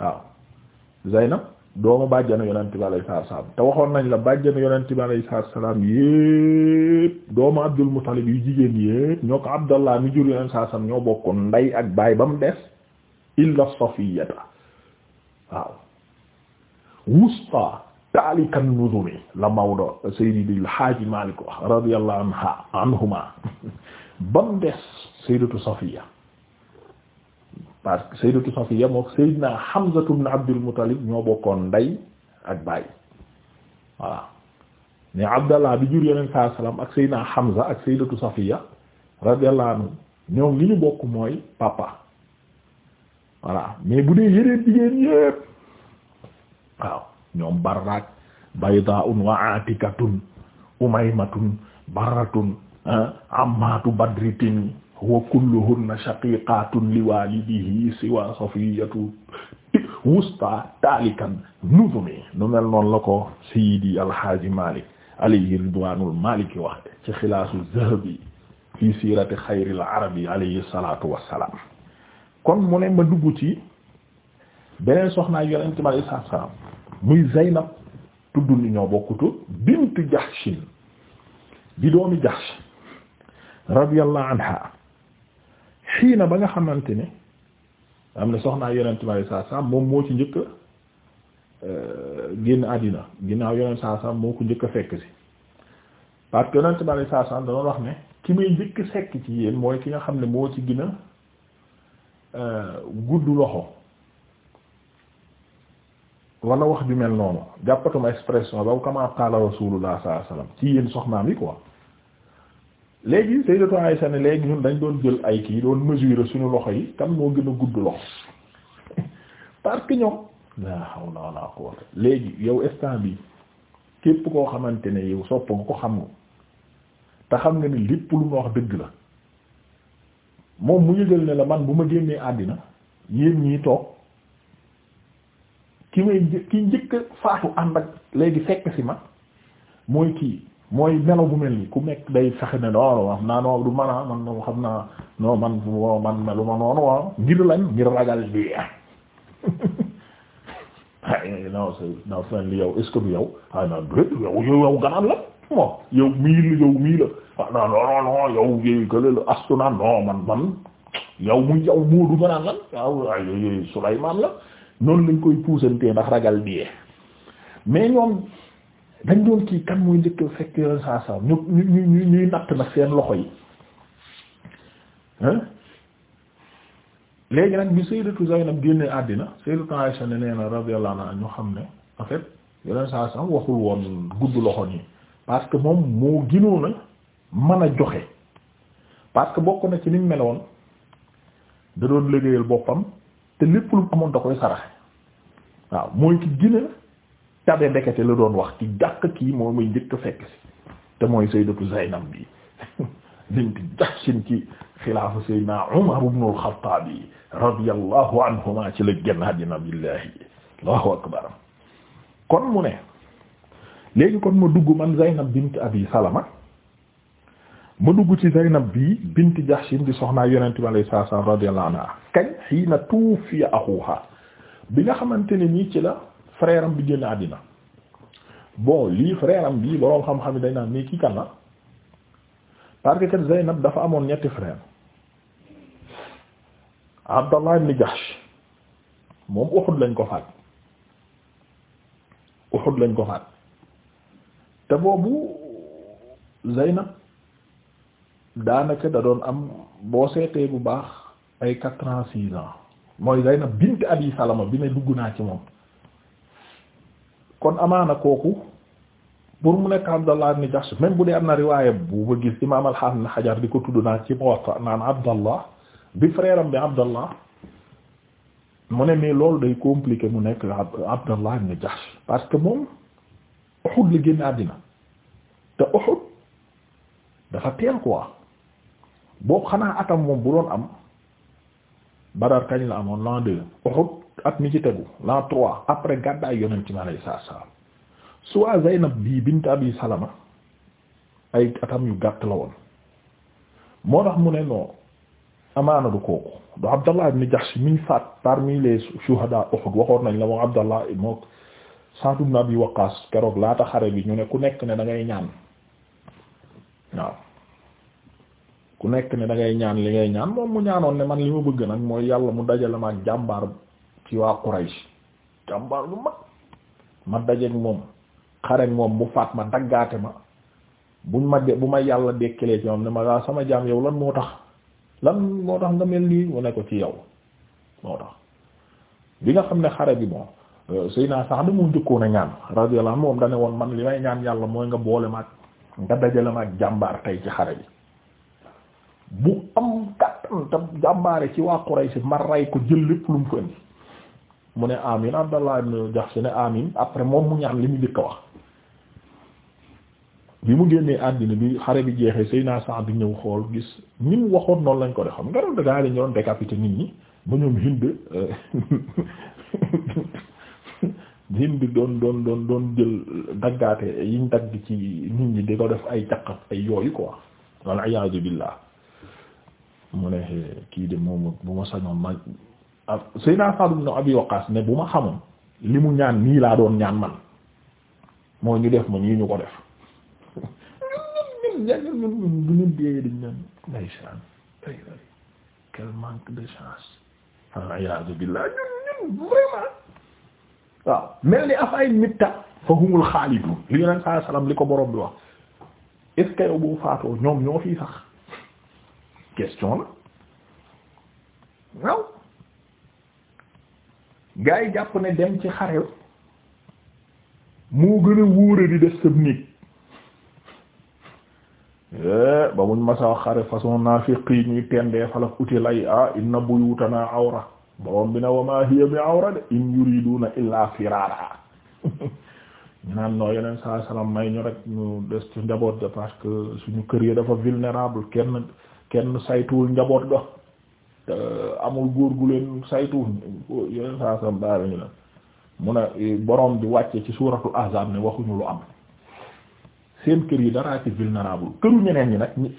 waaw Zaynab doomu bàjjanu yonent bi alayhi salaam te waxoon nañ la bàjjanu yonent bi alayhi salaam yépp doomu Abdul Muttalib yu jigéen yépp ñoo ko Abdallah mi jur yonent salaam ñoo bokkoon ndey ak baay ba mu des illa Safiyata waaw wusta taalikan nuzumi la Maodo Sayyidil Haaji Maalik wax radiyallahu anha ba mu des Sayyidatu Safiya parce que sayyidatu Safiya mook sayyidina Hamza ibn Abdul Muttalib ñoo bokkoon ndey ak baay voilà mais Abdallah bi jur yeneen salaam ak sayyidina Hamza ak sayyidatu Safiya radiyallahu anhu ñoom li ñu bokk mooy papa voilà mais bu dee yeneen jigéen yépp waaw ñoom barraak bayda'un wa atikatun umaymatun barratun ah, ammatu badritin wa kulluhunna shaqiqatun liwalidihi siwa safiyatu wusta talikan nuzumi nu mel noonu la ko sayyidi alhaaji malik alayhi ridwanul maliki wax ci xilaasu zahabi fi sirati xayril arabi alayhi salatu wassalam kon mu ne ma dugg ci beneen soxnaa yonente bi alayhi salaatu salaam muy Zaynab tudd ni ñoo bokkutu bintu Jahshin di doomi Jahsh radiyallahu anha xiina ba nga xamante ne am na soxnaa yonent bi saa saa moom moo ci njëkk euh, génn àddina ginnaaw yonent saa saa moo ko njëkk a fekk si parce que yonent bi saa saa danoon wax ne ki muy njëkk sekk ci yéen mooy ki nga xam ne moo ci gën euh, gudd loxo wala wax ju mel noonu jàppatuma expression ba kama qaala rasulullah sallallahu alayhi wasallam ci yéen soxnaam yi quoi. léegi Sayyidatu Aisha ne léegi ñun dañ doon jël ay kii doon mesurer suñu loxo yi kan moo gën a gudd loxo parce que ñoom la hawla wala quwwata léegi yow instant bi képp koo xamante ne yow sopp nga ko xam nga te xam nga ni lépp lu ma wax dëgg la moom mu yëgal ne la man bu ma génnee àddina yéen ñii toog ki may ki njëkk faatu ànd ak léegi fekk si ma mooy kii mooy melo bu mel nii ku nekk day fexe ne noonu wax naa non du man ah man moom xam naa non man wo man melu ma noonu waaw ngir lañ ngir ragal bi ah. non mu yow moo du ganaan lan waaw Sulaymaan la noonu lañ koy puusantee ndax ragal bi mais ñoom. dañ doon kii kan mooy njëkk fekk yoon saa saa ñu ñu ñu ñuy natt nag seen loxo yi léegi nag bi Sayyidatu Zaynab génne àddina Sayyidatu Aisha nee na radiyallahu anha ñu xam ne en fait yoon saa saa waxul woon gudd loxo nii parce que moom moo gënoon a a joxe parce que bokk na ci ni mu meloon da doon liggéeyal boppam te lépp lu amoon da koy saraxe waaw mooy ki gën tabe ndekete la doon wax ci jàq kii moo muy njëkk fekk si te mooy sayyidatu Zaynab bi bint Jahshin ci xilaafu sayyidina Umar ibn al-Khattab anhuma ci la génn àddina billahi allahu akbar kon mu ne léegi kon ma dugg man Zaynab bint Abi Salama ma dugg ci Zaynab bi bint Jahshin di soxnaa yonente bi alayhi salaam radiyallahu anha kañ hiina tuufiya axuha bi nga xamante ne nii ci la frère bi génn àddina bon lii frère am bii boroom xam-xam yi dañ naa mais kii kan la parce que dafa amoon ñetti frère Abdallah ibn Jahsh moom Uhud lañ ko faat Uhud lañ ko faat te boobu Zeynab daanaka da doon am boo seetee bu baax ay quatre ans ans mooy Zeynab bint Abi Salama bi ne dugg naa ci moom kon amaana kooku pour mu nekk Abdallah ibn Jahsh même bu dee am na riwaaya bu ba gis imaam al-Hafiz Ibn di ko tudd naa ci Muwatta naan Abdallah bi frère am bi Abdallah mu ne mais loolu day compliqué mu nekk Abdallah ibn Jahsh parce que moom Uhud la génn àddina te Uhud dafa teel quoi boobu xanaa atam moom bu doon am Badar kañ la amoon l'an deux Uhud at mi ci tegu l'an trois après gàddaay yonent mi alayhi salaam soit Zaynab bii bint Abi Salama ay atam yu gàtt la woon moo tax mu ne non amaana du kooku du Abdallah ibn Jahsh miñ faat parmi les shuhada Uhud waxoon nañ la moom Abdallah moo Sa'd ibn Abi Waqqas keroog laata xare bi ñu ne ku nekk ne dangay ñaan waaw ku nekk ne dangay ñaan li ngay ñaan moom mu ñaanoon ne man li ma bëgg nag mooy yàlla mu dajale ma jàmbaar ci waa Quraysh jàmbaar lu mag ma dajeek moom xareek moom mu faat ma daggaate ma buñ ma de bu ma yàlla dekkelee ci moom ne ma waa ah, sama jaam yow lan moo tax lan moo tax nga mel nii mu nekk ci yow moo tax bi nga xam ne xare bi moom euh, Seydina sax da mu njëkkoon a ñaan radiyallahu anhu moom dane woon man li may ñaan yàlla mooy nga boole ma ak nga dajale ma ak jàmbaar tey ci xare bi bu am kàttan te jàmbaare ci waa Quraysh ma rey ko jël lépp lu fa indi mu ne amin Abdallah ibn Jahsh ne amin après moom mu ñaan li mu njëkk wax bi mu génnee àddina bi xare bi jeexee naa Sa'd bi ñëw xool gis ni mu waxoon noonu lañ ko def xam nga doon dagaa lañ nit ñi ba ñoom Hind euh, Hind doon doon doon doon jël daggaate yiñ dagg ci nit ñi di ko def ay caq ay yooyu quoi wal iyaadu billah mu ne eh, kii de moom bu ma sañoon ma Seydina Sa'd ibn Abi Waqqas ne bu ma xamoon li mu ñaan nii laa doon ñaan man mooy ñu def ma ñii ñu ko def ñun ñun de chance. ah iyaazu billah ñun ñun vraiment. waaw mitta fa humul xaalidun li yonent saa salaam li ko borom bi wax est-ce que yow bu faatoo ñoom ñoo fii sax question la waaw. gaa yi jàpp ne dem ci xare moo gën a wóore di def sab néeg eh, ba muñ masaa xare façon naafiqi ñuy tendee falak uti lay ah inna buyutana awra borom bi na wa ma awra de in yuriduna illa firara ñu naan noo yeneen saa salaam may ñu rek ñu des ci njaboot ga parce que suñu kër yi dafa vulnérable kenn kenn saytuwul njaboot ga amul góor gu leen saytu yeneen saa sam daal ñu ne mu ne eh, borom bi wàcce ci suuratul ahzab ne waxuñu lu am seen kër yi daraa ci vulnérable këru ñeneen ñi nag ñi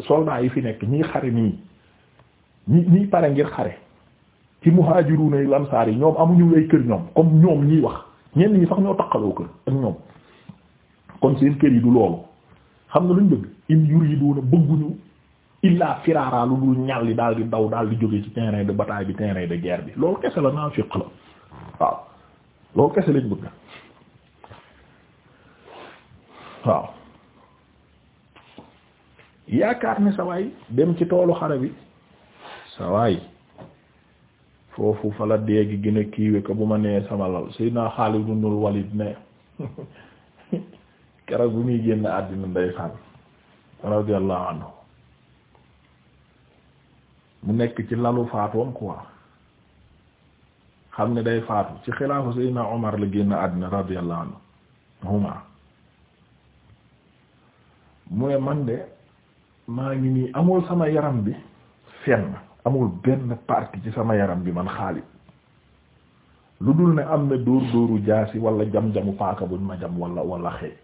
soldats yi fi nekk ñiy xare nii ñi ñiy pare ngir xare ci muhajiruna yi lansaar yi ñoom amuñu ay kër ñoom comme ñoom ñiy wax ñenn ñi sax ñoo taqaloo kër ak ñoom kon seen kër yi du loolu xam nga luñ bëgg in yuriduna bëgguñu illaa firaara lu dul ñal li daal di daw daal di jóge ci terrain de bataille bi terrain de guerre bi loolu kese la naafiq la waaw loolu kese lañ bëgg waaw yaakaar ni sawaay dem ci toolu xare bi sawaay foofu fa la dee gi gën ko bu ma nee sama lal Seydina Xaalid ibn Walid ne keroog bu muy génn àddina ndeysaan radiyallahu anhu mu nekk ci lalu faatoom quoi xam ne day faatu ci xilaafa Seydina Omar la génn àddina radiyallahu anhuma mu ne man de maa ngi nii amul sama yaram bi fenn amul benn partie ci sama yaram bi man Xaalid lu dul ne am na dóor dóoru jaasi wala jam-jamu paaka buñ ma jam walla wala xëy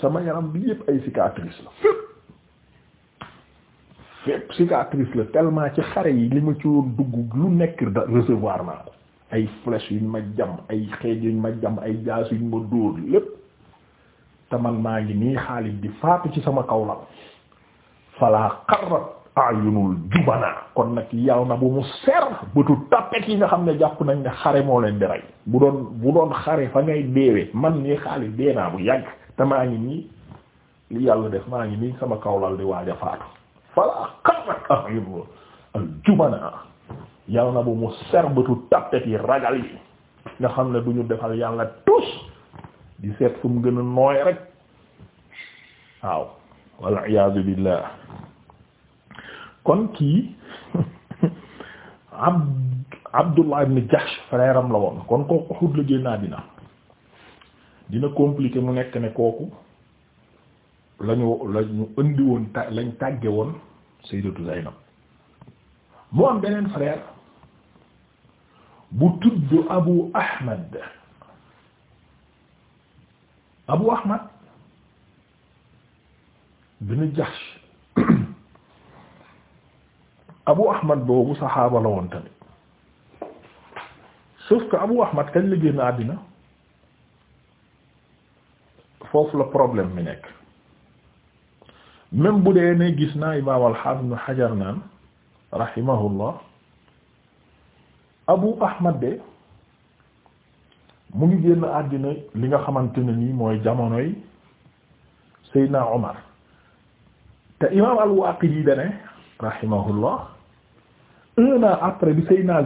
sama yaram bi yépp ay cicatrices la fépp cicatrice la tellement ci xare yi li ma ci woon dugg lu nekk da recevoir naa ko ay flèche yuñ ma jam ay xeej yuñ ma jam ay jaas yuñ ma dóor lépp te man maa ngi nii Xaalid di faatu ci sama kaw la falaa xarrat ayunul jubanaa kon nag yaw na bu mu ser bëtu tapet yi nga xam ne jàpp nañ ne xare moo leen di bu doon bu doon xare fa ngay deewee man nii Xaalid dee naa bu yàgg te maa ngi nii li yàlla def maa ngi nii sama kawlal di waaja faatu fala xamat ahyun al jubana yàlla na bu mu serbatu tappet yi ragal yi nga xam ne du ñu defal yàlla tus di seet fu mu gën nooy rek waaw wal iyaadu billah kon kii ab Abdullah ibn Jahsh frère la woon kon kooku Uhud la génn àddina dina compliqué mu nekk ne kooku lañu lañu indi woon ta lañ tàgge woon sayyidatu Zaynab mu am beneen frère bu tudd Abu Ahmad Abu Ahmad bin Jahsh Abu Ahmad boobu saxaaba la woon tamit sauf que Abu Ahmad kañ la génn àddina foofu la problème mi nekk même bu dee ne gis naa imaam al-Hafiz xajar Hajar naan rahimahullah Abu Ahmad de mu ngi génn àddina li nga xamante ne nii mooy jamonoy Seydina Omar te imaam al yi da ne rahimahullah un an après bi Seydina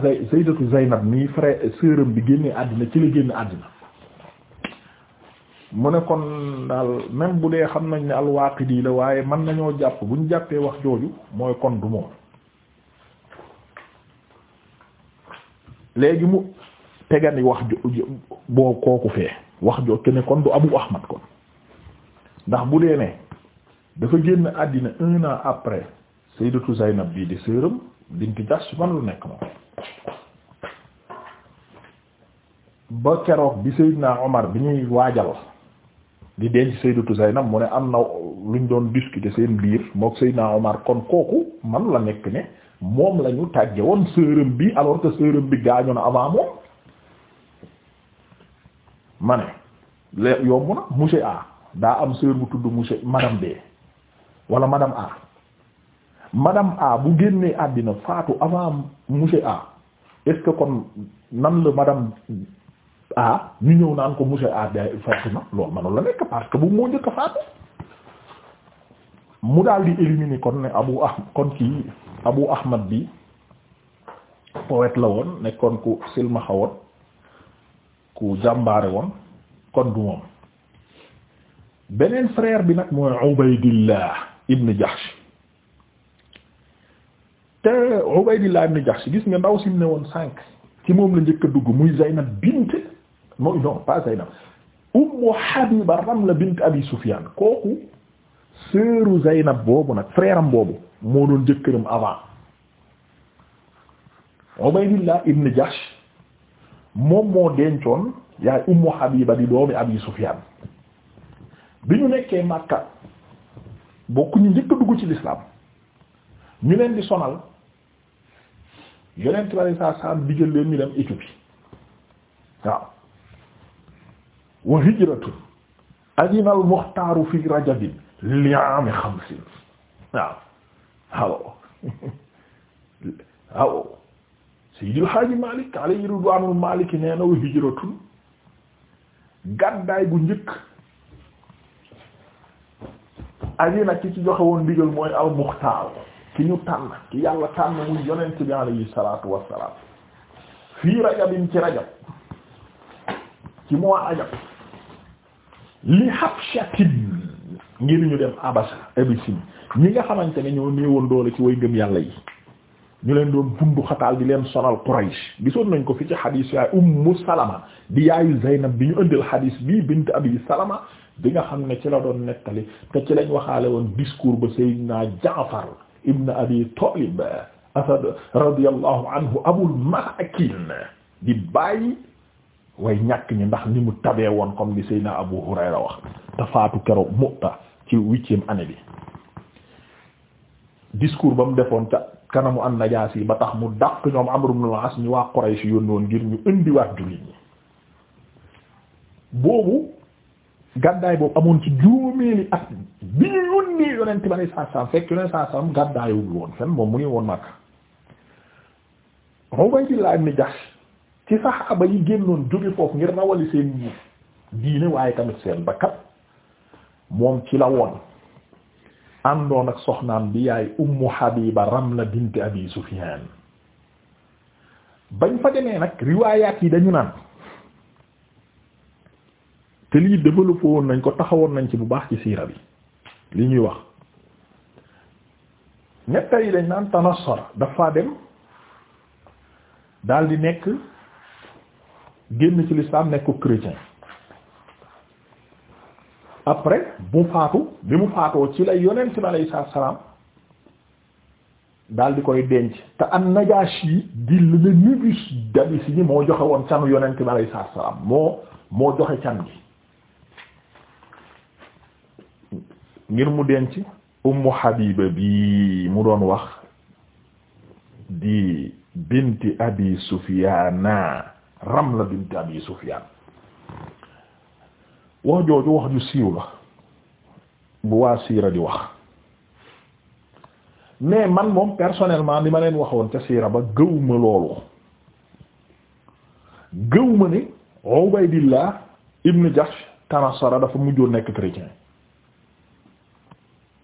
Zaynab mii frère sœuram bi génnee àddina ci la génn àddina mu ne kon daal même bu dee xam nañ ne al dii la waaye mën nañoo jàpp bu ñu jàppee wax jooju mooy kon du moom léegi mu tegani wax boo kooku fee wax jooju ne kon du Abu Ahmad kon ndax bu dee ne dafa génn àddina un an après say Zaynab bii di sëram bint Jahsh man lu nekk moom ba keroog bi Sayyidna Omar bi ñuy waajal di denc Sayyidatu Zaynab mu ne am na luñ doon discuter seen biir mook Seydina Omar kon kooku man la nekk ne moom la ñu woon sërëm bi alors que sërëm bi gaañu na avant moom ma ne le yomb na monsieur A daa am sœur bu tudd monsieur madame B wala madame A madame A bu génnee àddina faatu avant monsieur A est kon nan la madame a ñu ñëw naan ko monsieur A day faatu na loolu manul la nekk parce que bu moo njëkk a faatu mu daal di éliminer kon ne Abu ah kon kii Abu Ahmad bi poète la woon nekkoon ku silmaxa ku jàmbaare woon kon du moom beneen frère bi nag mooy Ubaydillah ibn Jahsh te Ubaydillah ibn Jahsh gis nga ndaw sim ne woon sànq ci moom la njëkk a dugg muy Zaynab bint mooy non pas Zaynab Ummu Habiba Ramla bint Abi Sufyan kooku sœuru Zaynab boobu nag frère am boobu moo doon jëkkëram avant Ubaydillah ibn Jahsh moom moo dencoon yaay Ummu Habiba di doomi Abi Sufyan bi ñu nekkee Makka bokk ñu njëkk dugg ci lislaam ñu leen di sonal yonent bi sallallahu alayhi wasallam digal leen ñu dem Éthiopie waaw wa hijratun adina al muxtaaru fii rajabin li aami xamsin waaw waaw Seydil Haaji Malik alayhi ridwaanul Maalik nee na wa hijratun gàddaay gu njëkk adina ki ci joxe woon ndigal mooy al muxtaar ki ñu tànn ki yàlla tànn muy yonent bi alayhi salaatu wassalaam fii rajabin ci rajab ci moo ajab li habshatin ngir ñu dem abasa abisin ñi nga xamante ne ñoo néewoon doole ci way gëm yàlla yi ñu leen doon bundu xataal di leen sonal Quraysh gisoon nañ ko fi ci xadiis yaay ummu salama di yaayu Zaynab bi ñu ëndil xadiis bii bint abi salama bi nga xam ne ci la doon nettali te ci lañ waxaale woon discours ba Seydina Jaafar ibn abi Talib asad radiyallahu anhu abul masakin di bàyyi way ñàkk ñi ndax ni mu tabee woon comme li Seydina Abu Hurayra wax tafaatu keroog Mu'ta ci huitième année bi discours ba mu defoon ca kanamu an yi ba tax mu dàq ñoom Amr ibn al-As ñu waa Quraysh yónni woon ngir ñu indiwaat jullit ñi boobu gàddaay boobu amoon ci juróomeeli at bi ñu yónnee yonent ba ne saa saam fekk yonent saa saam gàddaayul woon fenn moom mu ngi woon Makka Ubaydillah ibn Jahsh ci saxaaba yi génnoon jóge foofu ngir rawali seen diine waaye tamit seen bakkat moom ci la woon àndoon ak soxnaam bi yaay ummu Habiba Ramla bint Abi Sufyan bañ fa demee nag riwaayaat yi dañu naan te lii développé nañ ko taxawoon nañ ci bu baax ci siira bi li ñuy wax ñetta yi dañ naan tanassar dafa dem daal di nekk génn ci l'islam nekk chrétien après mu faatu bi mu faatoo ci la yonent bi alayhi salaam daal di koy denc te an Najaashi di le négus d'Abyssinie ni moo joxe woon canu yonent bi alayhi salaam moo moo joxe can gi ngir mu denc Ummu Habiba bi mu doon wax di binti Abi Sufyaana Ramla bint Abi Sufyan wax jooju wax du siiw la bu waa siira di wax mais man moom personnellement li ma leen waxoon ca siira ba gëw ma loolu gëw ma ne Ubaydillah ibn Jahsh tanasara dafa mujjoo nekk chrétien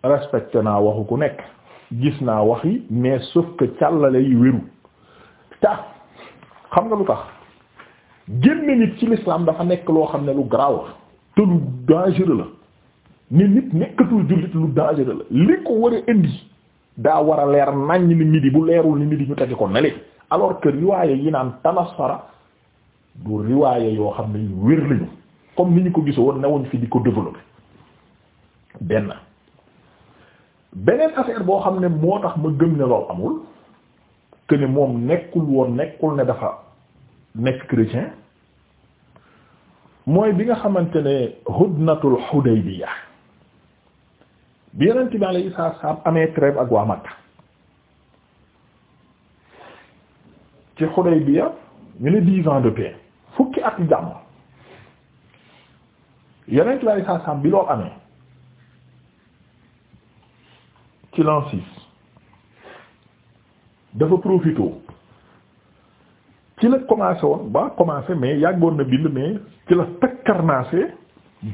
respecté naa waxu ku nekk gis naa wax yi mais sauf que càllale yi wéru tax xam nga lu tax génne nit ci l'islam dafa nekk loo xam ne lu garaaw la te lu dangereux la ne nit nekkatul jullit lu dangereux la li ko war a indi daa war a leer naññ ni midi bu leerul ni midi ñu tegi ko nele alors que riwaaya yi naan tanassara du riwaaya yoo xam ne yu wér lañu comme ni ñu ko gisoo woon newuñ fii di ko développer benn beneen affaire boo xam ne moo tax ma gëm ne loolu amul que ne moom nekkul woon nekkul ne dafa nekk chrétien mooy bi nga xamante ne hudnatul Hudaybiya bi yonent bi alayhi salaam amee trêve ak waa Makka ci Hudaybiya ñu ne dix ans de paix fukki at jàmm yonent bi alayhi bi loolu amee ci l'an six dafa profité ci la commencé woon ba commencé mais yàggoon na bind mais ci la takkarnaase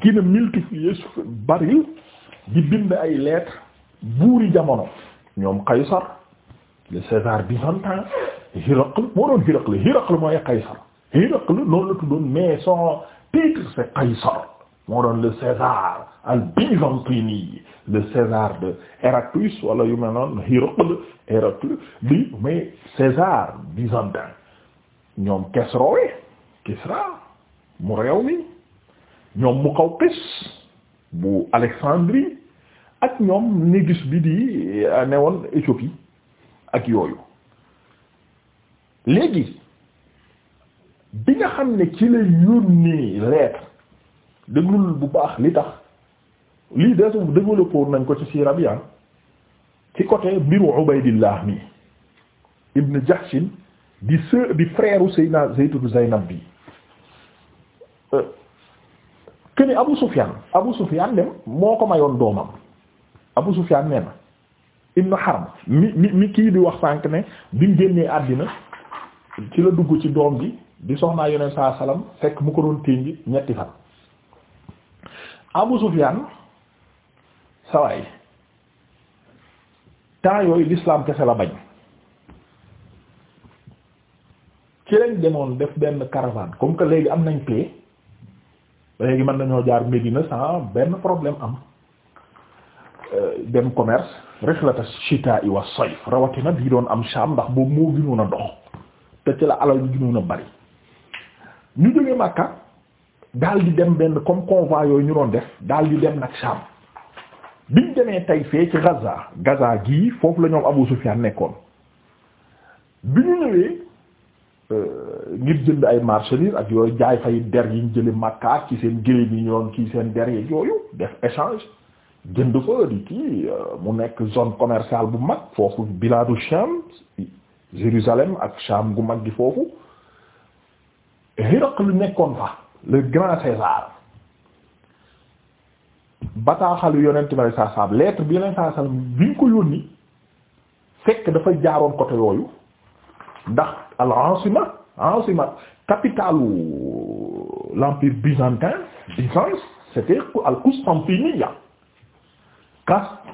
gën a multiplier su bari di bind ay lettres buuri jamono ñoom Qaysar le César byzantin Hiraql moo doon Hiraql Hiraql mooy Qaysar Hiraql noonu la tuddoon mais son titre c'est Qaysar moo doon le César al byzantini le César de Héraclius wala yu mel noonu Hiraql Héraclius bi mais César byzantin ñoom Kesrowe Kisra mu réew mi ñoom mu Muqawqis bu Alexandrie ak ñoom gis bi di euh, newoon Éthiopie ak yooyu léegi bi nga xam ne ci la yónnee lettre déglul bu baax li tax lii desu développé nañ ko ci siira bi ah, ci côté biiru Ubaydillah mi ibn Jahshin di sœur di frère u Seydina Zaynab bi euh, que ni Abu Sufyan Abu Sufyan dem moo ko mayoon doomam Abu Sufyan nee na Ibn mi mi mi kii di wax sànq ne bi mu génnee àddina ci la dugg ci doom bi di soxnaa yoneen saa salaam fekk mu ko doon ténji ñetti fan Abu Sufyan sawaay temps yooyu l'islam kese bañ ci lañ demoon def benn caravane comme que léegi am nañ paix léegi man nañoo jaar Médina sans benn problème am euh, dem commerce rihlata shitaa'i wa sayf rawatina bii doon am Sham ndax boobu moo gënoon a dox te ci la alal yu gënoon a bari ñu jógee Makka daal di dem benn comme convoi yooyu ñu doon def daal di dem nag Sham biñ demee tay fee ci Gaza Gaza gii foofu la ñoom Abu Sufyan nekkoon bi ñu ñëwee. Euh, ngir jënd ay marchandises ak yooyu jaay fay der yi ñu jële Makka ci seen gëléem yi ñu doon seen der yeeg yooyu def échange jënd fa di kii euh, mu nekk zone commerciale bu mag foofu biladu Sham Jérusalem ak Sham gu mag gi foofu Hiraql lu nekkoon fa le grand César bataaxalu yonent bi saa saab lettre bi yonent saa saab bi ñu ko yónni fekk dafa jaaroon côté yooyu ndax al asima asima capitalu l'empire byzantin Byzance c'était al Constantinople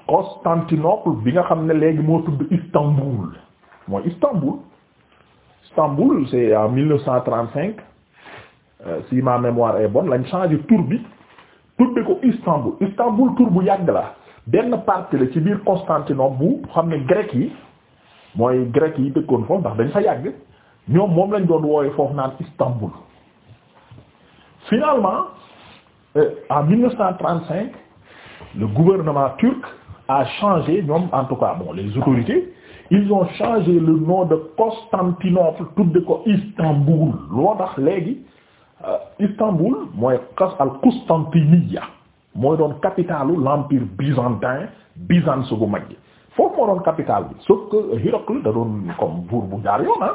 Constantinople bi nga xam ne léegi moo tudd Istanbul mooy Istanbul Istanbul c'est en 1935 euh, si ma mémoire est bonne lañ changé tur bi tudde ko Istanbul Istanbul tur bu yàgg la benn partie la ci biir Constantinople bu xam ne grec yi mooy grec yi dëkkoon foofu ndax dañ fa yàgg ñoom moom lañ doon woowe foofu naan Istanbul finalement euh, en 1935 le gouvernement turc a changé ñoom en tout cas bon les autorités ils ont changé le nom de Constantinople tudde ko Istanbul loo tax léegi euh, Istanbul mooy al Constantiniya mooy doon capitalu l'empire byzantin Byzance bu mag gi foofu moo doon capital bi sauf que Hiraql da doon comme buur bu jaar yoon ah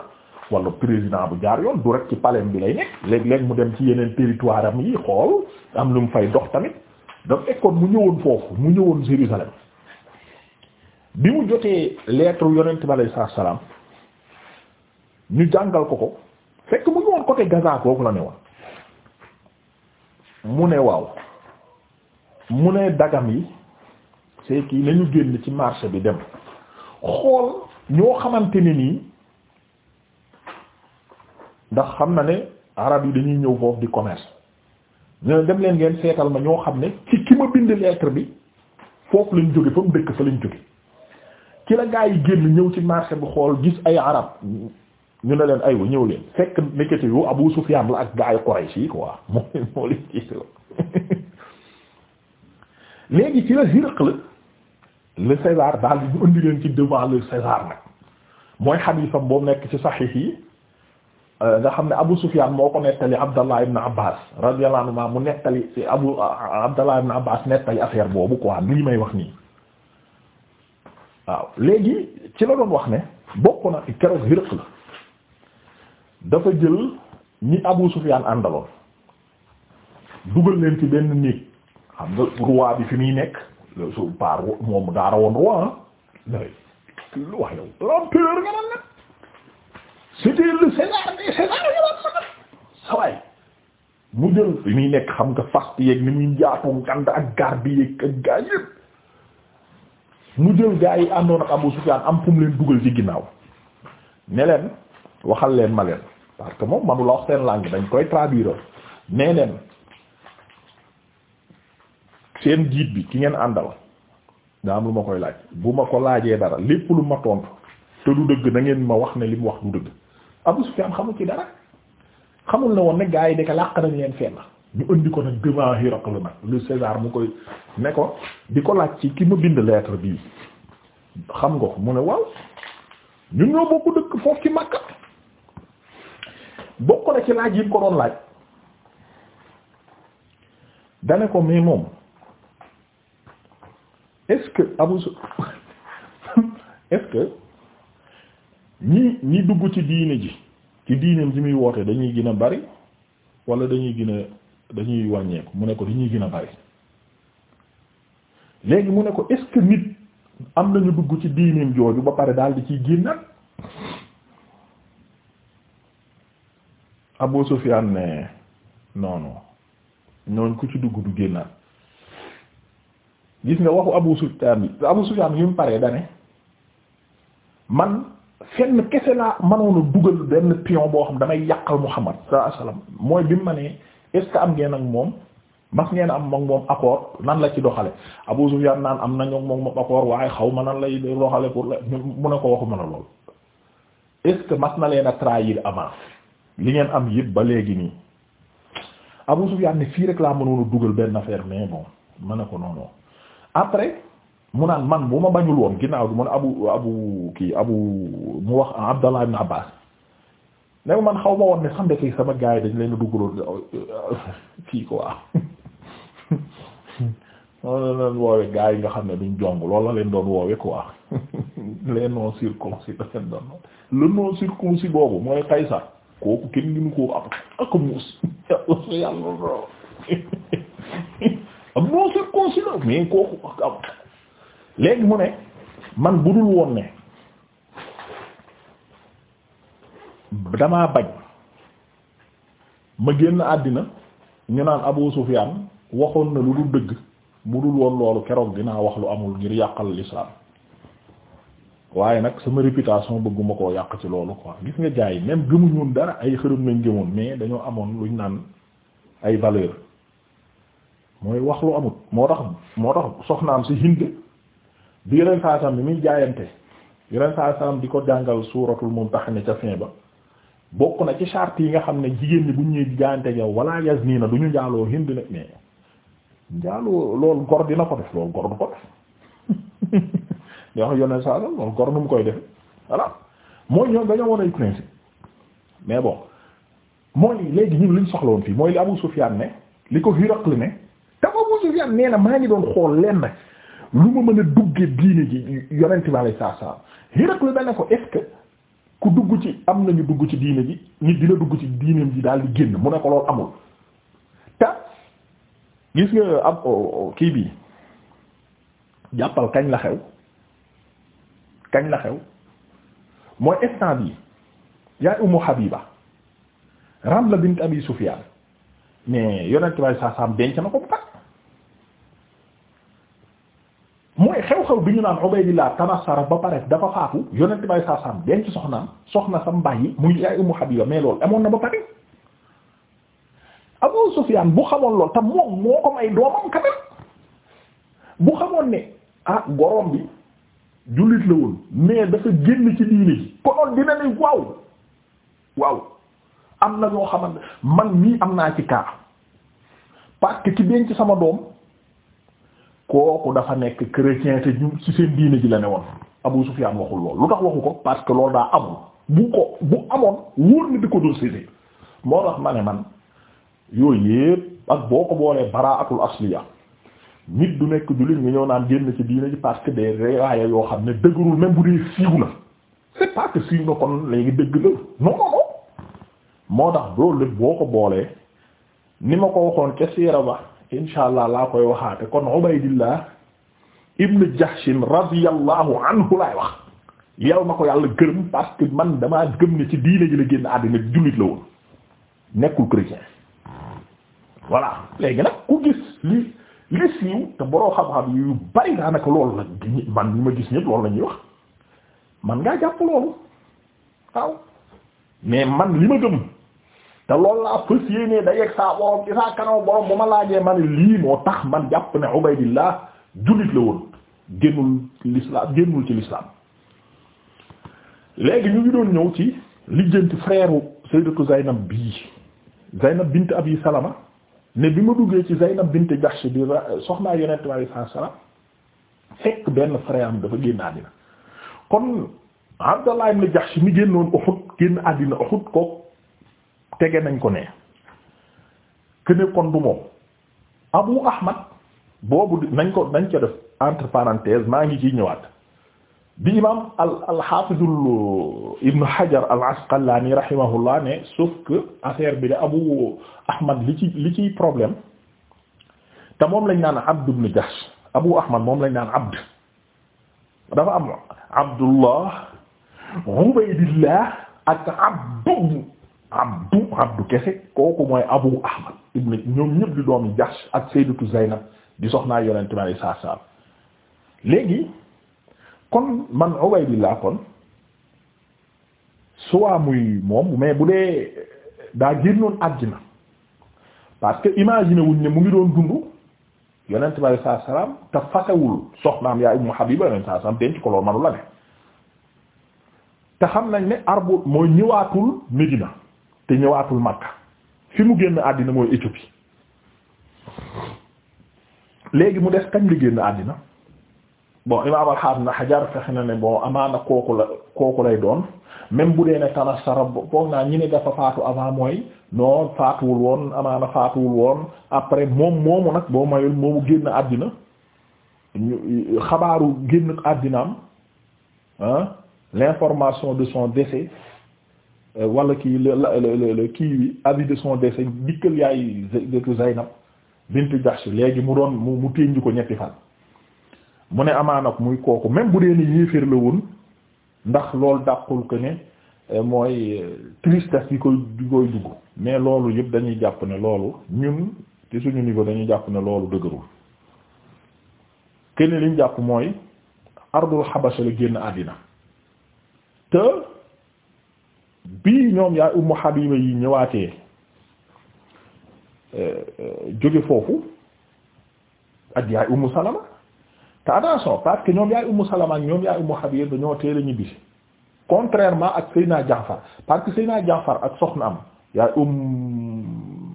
wala président bu jaar yoon du rek ci palais bi lay nekk léeg-léeg mu dem ci yeneen territoire am yi xool am lu mu fay dox tamit dafa fekkoon mu ñëwoon foofu mu ñëwoon Jérusalem bi mu jotee lettre yonent bi alayhi salaam ñu jàngal ko ko fekk mu ñëwoon côté Gaza kooku la ne woon mu ne waaw mu ne dagam yi c'est kii nañu génn ci marché bi dem xool ñoo xamante ne nii ndax xam na ne arab yi dañuy ñëw foofu di commerce ñooñu dem leen ngeen seetal ma ñoo xam ne ci ki ma bind lettre bi foofu lañ jóge fa mu dëkk fa lañ jóge ki la gaa yi génn ñëw ci marché bi xool gis ay arab ñu ne leen aywa ñëw leen fekk nekkati yu Abu Sufyaan la ak gaa yi Quraysh yi quoi moo leen moo leen jiitu léegi ci la Hiraql le César daal ñu indi leen ci devant le César nag mooy xadiisam boobu nekk ci saxiix yi euh, nga xam ne Abu Sufyaan moo ko nettali Abdallah ibn Abbas radiyallahu anhuma mu nettali Abu euh, Abdallah ibn Abbas nettali affaire boobu quoi lii may wax nii waaw léegi ci la doon wax ne bokk na keroog Hirql la dafa jël ni Abu Sufyaan àndaloon dugal leen ci benn néeg xam nga roi bi fi muy nekk. su moom daa rawoon roi ah waaw yow l'empereur mu jël li muy nekk xam nga fast yeeg ni muy njaatu ngand ak garde yeeg ak gaa yépp mu jël gaa yi àndoon ak Abu Sufyaan am fu mu leen dugal ci ginnaaw ne leen waxal leen ma leen parce que moom manula wax seen langue dañ koy traduire nee seen jiit bi ki ngeen àndal daa am lu ma koy laaj bu ma ko laajee dara lépp lu ma tontu te du dëgg na ngeen ma wax ne li mu wax du dëgg Abu Sufyaan xamul ci dara xamul na woon ne gaa yi de làq nañ leen fenn ñu indi ko nag devant Hiraql nag lu César mu koy ne ko di ko laaj ci ki ma bind lettre bii xam nga mu ne waaw ñun ñoo bokk dëkk foofu ci Makka bokk na ci laaj yi mu ko doon laaj dane ko mais moom est-ce que ñi ñi dugg ci diine ji ci diineem ji muy woote dañuy gën a bari wala dañuy gën dañuy wàññeeku mu ne ko dañuy gën a bari léegi mu ne ko est nit am nañu dugg ci diineem jooju ba pare daal di ciy génnaat Abu Sufyan ne non ñooñ ku ci dugg du génnaat gis nga waxu Abu Sufyaan bi Abu Sufyaan bi mu paree dane man fenn kese laa mënoon a dugal benn pion boo xam damay yàqal Muhammad sallallahu alayhi wasallam mooy bi ma nee est am ngeen ak moom mas ngeen am moom moom accord nan la ci doxale Abu Sufyaan naan am nañu moom moom accord waaye xaw ma nan lay doxale pour la mu ne ko waxu mën a lool est mas na leen a trahir avant li ngeen am yépp ba léegi nii Abu Sufyaan ne fii rek laa mënoon a dugal benn affaire mais bon mën ne ko noonu après mu naan man bu ma bañul woon ginnaaw bi mu ne abu abu kii abu mu wax Abdallah ibn Abbas ne man xaw ma woon ne sax ndekki sama gars yi dañ leen a duggaloon euh, kii quoi noonu la leen woowe gars yi nga xam ne duñ jong loolu la leen doon woowe quoi les non circoncis la leen doon le boobu mooy Qaysar kooku kenn gënu koo am ak muus yàlla yàlla lool. am non circoncis mais kooku léegi mu ne man budul woon ne damaa bañ ma génn àddina ñu naan Abu Sufyaan waxoon na lu dul dëgg budul woon loolu keroog dinaa wax lu amul ngir yàqal lislaam waaye nag sama réputation bëgguma koo yàq ci loolu quoi gis nga jaay même gëmuñoon dara ay xërëm lañ gëmoon mais dañoo amoon luñ naan ay valeur mooy wax lu amut moo tax moo tax soxnaam si Hind bi yeneen saa saam bi muy jaayante yeneen saa saam di ko jàngal suuratul Mumtahina ca fin ba bokk na ci charte yi nga xam ne jigéen ñi bu ñu jaayante yow wala yas nii na du ñu njaaloo Hind ne njaaloo loolu gor dina ko def loolu gor du ko def yoo xam yeneen saa saam loolu gor nu mu koy def voilà mooy ñoom dañoo war ay principe mais bon mooy léegi ñu liñ soxla woon fii mooy li Abu Sufyaan ne li ko te Abu Sufyaan nee na maa ngi doon xool lenn lu ma mën a duggee diine ji yonent bi alayhi salaam Hiraql da ne ko est ku dugg ci am nañu dugg ci diine ji nit dina dugg ci diineem ji daal di génn mu ne ko loolu amul te gis nga am oh, oh, kii bi jàppal kañ la xew kañ la xew mooy instant bi yaay Ummu Habiba Ramla bint Abi Sufyaan mais yonent bi alayhi salaam denc na ko bu mooy xew-xew bi ñu naan Ubaydillah tanassara ba pare dafa faatu yonent bay saa saam denc soxnaam soxna sa mbàyyi muy yaay Ummu Habiba mais loolu amoon na ba pare Abu Sufyaan bu xamoon lool te moom moo ko may doomam katam bu xamoon ne ah bi jullit la dafa génn ci diini ji konoon dina am na ñoo xamante man mii am naa ci kaa parce que ki denc sama doom kooku dafa nekk chrétien te ñu ci seen diine ji la ne woon Abu Sufyan waxul lool lu tax waxu ko parce que loolu daa amul bu ko bu amoon wóor na di ko doon séesée moo tax ma ne man yooyu yëpp ak boo ko boolee baraatul asliya nit du nekk jullit nga ñëw naan génn ci diine ji parce que des riwaaya yoo xam ne dëgërul même bu dee siiw na c'est pas siiw na kon léegi dëgg la non moo tax loolu lépp boo ko boolee ni ma ko waxoon ca siira ba insha allah laa koy waxaate kon Ubaydillah ibn Jahshin radiyallahu anhu laay wax yal na ko yàlla gërëm parce man damaa gëm ne ci diine ji la génn àddina jullit la woon nekkul chrétien voilà léegi nag ku gis li li siiw te boroo xam-xam yu bari daanaka loolu la man ñu ma gis ñëpp loolu la ñuy wax man ngaa jàpp loolu waaw mais man li ma gëm te loolu laa fas yéenee da yegg saa borom ci saa kanam borom bu ma laajee ma lii moo tax man jàpp ne Ubaydillah jullit la woon génnul l'islam génnul ci l'islam léegi ñu ngi doon ñëw ci lijjanti frère sayyidatu Zaynab bii Zaynab bint Abi Salama ne bi ma duggee ci Zaynab bint Jahsh bi soxnaa Yonent bi sallallahu alayhi wasallam fekk benn frère am dafa génn àddina kon Abdallah ibn Jahsh mi génnoon Uhud génn àddina Uhud ko tege nañ ko ne kene kon du moom Abu Ahmad boobu nañ ko nañ ko def maa ngi ci ñëwaat bi imam al alxafizul ibnu Hajar al Asqalaani rahimahullah ne sauf que affaire bi de Abu Ahmad li ci li ciy problème te moom lañ naan Abd ibn Jahsh Abu Ahmad moom lañ naan Abd dafa am Abdullah Ubaydillah ak Abdu abdu abdu kese kooku mooy abu ahmad ibn ñoom ñëpp di doomi Jahsh ak sayyidatu Zaynab di soxnaa yonent bi alayhi salaatu léegi kon man Ubaydillah kon soit muy moom mais bu dee daa génnoon àddina parce que imagine wuñ ne mu ngi doon dund yonent bi alayhi salaatu te fasewul soxnaam yaa Ummu Habiba yonent salaatu salaam denc ko loolu manu la ne te xam nañ ne arbu mooy ñëwaatul Medina te ñëwaatul Makka fi mu génn àddina mooy Éthiopie léegi mu des kañ li génn àddina bon imaam al-Hafiz na Hajar fexe na ne bon amaana kooku la kooku lay doon même bu dee ne tanassara foog naa ñi ne dafa faatu avant mooy non faatuwul woon amaana faatuwul woon après moom moomu nag boo mayul moomu génn àddina xabaaru génn àddinaam ah l'information de son décès Euh, wala kii le kii bi avis de son décès dikkal yaay zetu Zaynab bint Jahsh léegi mu doon mu mu ténj ko ñetti fan mu ne amaanag muy kooku même bu dee ni yéeféer la woon ndax loolu dàqul ko ne euh, mooy euh, tristesse yi koy di koy dugg mais loolu yëpp dañuy jàpp ne loolu ñun ci suñu niveau dañuy jàpp ne loolu dëgërul kenn liñ jàpp mooy ardul xabasa la génn àddina te bii ñoom yaay ummu Habiba yi ñëwaatee euh, euh, jóge foofu ak yaay ummu Salama te attention parce que ñoom yaay ummu Salama ak ñoom yaay ummu Habiba dañoo teel a ñibbisi contrairement ak Seyna Jaafar parce que Seyna Jaafar ak soxna am yaay um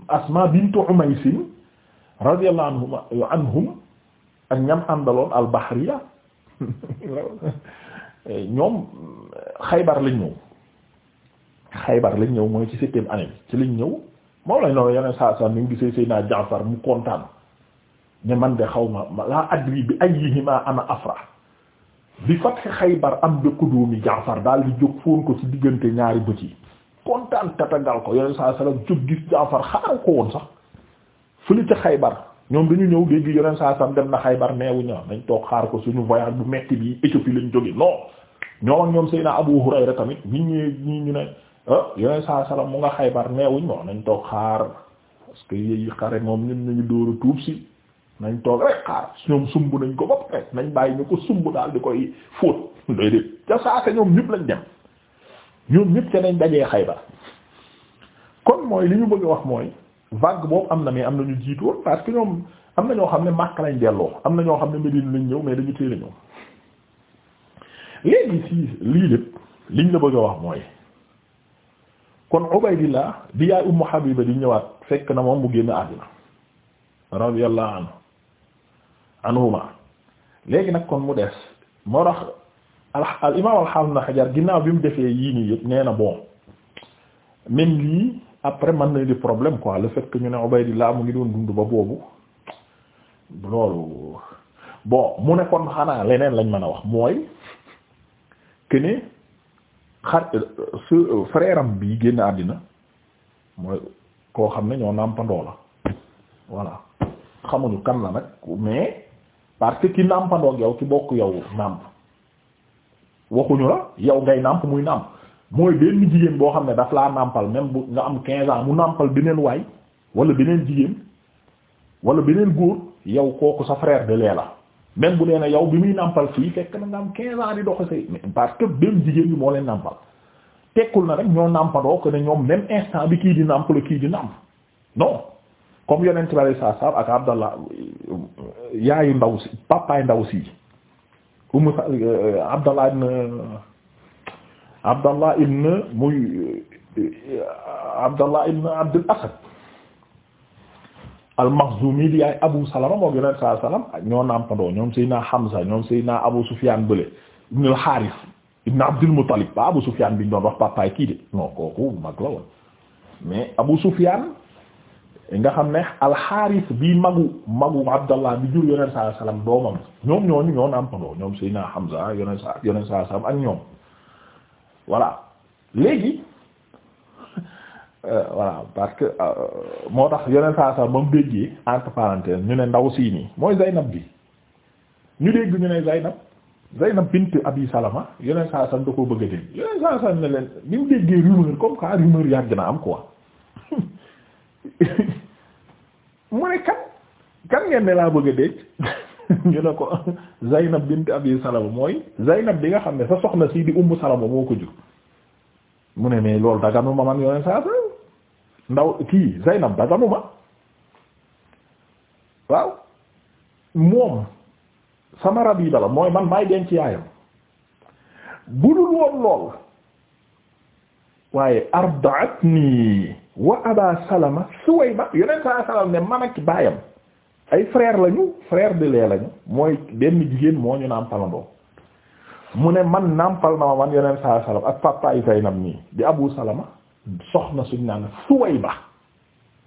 Asma bintu Umays radiyallahu anhum ak ñam àndaloon al-Bahriya ñoom Xaybar lañ ñëw. xaybar lañ ñëw mooy ci septième année bi ci lañ ñëw moom lañ noonu yeneen saa saa ni ñu gisee Seydina Jaafar mu kontaan ne man de xaw ma laa adri bi ayyihima ana afrah bi fathi xaybar am bi qudumi Jaafar daal di jóg fóon ko ci diggante ñaari bët yi kontaan tatagal ko yeneen saa saa jóg gis Jaafar xaaral ko woon sax fële ca xaybar ñoom dañu ñëw dégg yeneen saa saa dem na xaybar neewu ñëw dañ toog xaar ko suñu voyage bu metti bi Éthiopie lañ jóge non ñoom ak ñoom Seydina Abu Hurayra ñu ne. Oh, yooyu saa salaam mu nga xaybar neewuñ moom nañ toog xaar parce que yéyi xare moom ñun nañu ngi a tuub si nañ toog rek xaar ñoom sumb nañ ko ba nañ bàyyi ñu ko sumb daal di koy fóot doy dé ca saasa ñoom ñëpp lañ dem ñoom ñëpp ca nañ dajee xaybar kon mooy li ñu bëgg a wax mooy vague boobu am na mais am na ñu jiitoo woon parce que ñoom am na ñoo xam ne Makka lañ delloo am na ñoo xam ne Medina lañ ñëw mais dañu téela ñoom léegi si lii lépp liñ la bëgg a wax mooy kon Ubaydillah di yaay Ummu Habiba di ñëwaat fekk na moom mu génn àddina radiyallahu anhu anhuma léegi nag kon mu des moo tax al imaam al-Hafiz na xajar ginnaaw bi mu defee yii nii yëpp nee na bon même après mën na di problème quoi le fait ñu ne Ubaydillah mu ngi doon dund ba boobu loolu bon mu ne kon xanaa leneen lañ mën a wax mooy que ne xar euh, su euh, frère am génn àddina mooy koo xam ne ñoo nàmpandoo la voilà xamuñu kan la nag mais parce que ki nàmpandoo ak ki bokk yow nàmp waxuñu la yow ngay nàmp muy nàmp mooy benn jigéen boo xam ne daf laa nàmpal même bu nga am 15 ans mu nàmpal beneen waay wala beneen jigéen wala beneen góor yow kooku sa frère de lait la même bu dee ne yow bi muy nàmpal fii fekk na nga am 15 di dox say parce que benn jigéen bi moo leen nàmpal tekkul na rek ñoo nàmpadoo que ne ñoom même instant bi kii di nàmp la kii di nàmp non comme yonent bi alayhi salaam ak Abdallah yaayu ndaw si papaay ndaw si Umm Abdallah ibn Abdallah ibn muy euh, ibn Abdul Asad al-Makhzumi di Abu Salama moo gën a saa salaam ñoo nampandoo ñoom naa Hamza ñoom Seydina Abu Sufyan bële ibn al-Harith ibn Abdul ba Abu Sufyan bi ñu doon wax papaay kii de non kooku mag la woon mais Abu Sufyan nga xam ne al-Harith bi magu magu Abdallah bi jur yoneen saa salaam doomam ñoom ñooñu ñoo nampandoo ñoom Seydina Hamza yoneen saa yoneen salaam ak ñoom voilà léegi. Euh, voilà parce que euh, moo tax yeneen saa sax ba mu déggee entre parenthèses ñu ne ndaw sii nii mooy Zaynab bi ñu dégg ñu ne Zaynab Zaynab bint Abi Salama yeneen saa sax da koo bëgg saa leen bi mu déggee rumeur comme am quoi ne ngeen laa bëgg a dégg ñu ne ko Zaynab bint Abi Salama mooy Zaynab bi nga xam ne sa soxna sii di Ummu Salama moo ko jur mu ne mais loolu daganuma man yeneen saa sax ndaw kii Zaynab daganu waaw moom sama yi la mooy man maay denc yaayam bu dul woon lool waaye ardaatni wa aba salama suwayba yoneen saa salama ne man ak baayam ay frère lañu frère de lait lañu mooy benn jigéen moo ñu nàmpalandoo mu ne man nàmpal na ma man yoneen saa salama ak papa Zaynab nii di abu salama soxna suñ naan Suwayba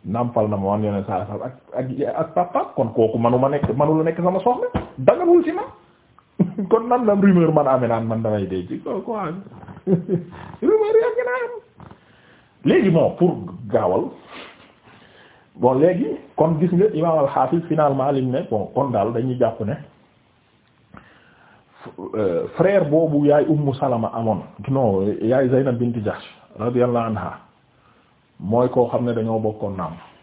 nampal na ma wan yeneen saa ak ak kon kooku manuma nekk manula nekk sama soxna daganul ci man kon nan la rumeur man amee naan man damay dee ci ko quoi rumeur yaa ngi naa léegi bon pour gaawal bon léegi kon gis nga imaam al-Hafiz finalement liñ ne bon kon daal dañuy jàpp ne euh, frère boobu yaay Ummu Salama amoon non yaay Zaynab bint Jahsh radiyallahu anha mooy koo xam ne dañoo bokkoon naam